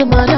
ağzıma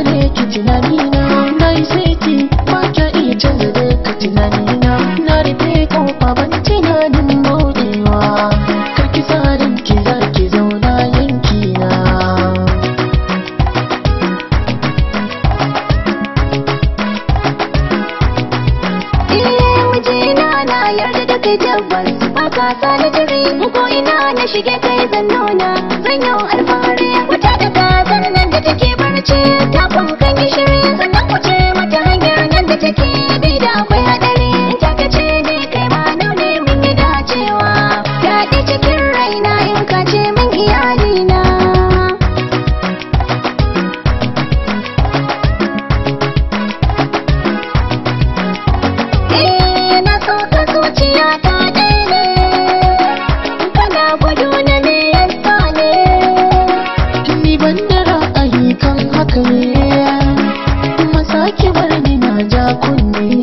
tabbas ba ka sa da ko ina na shige kai zan nuna zan yi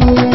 Thank you.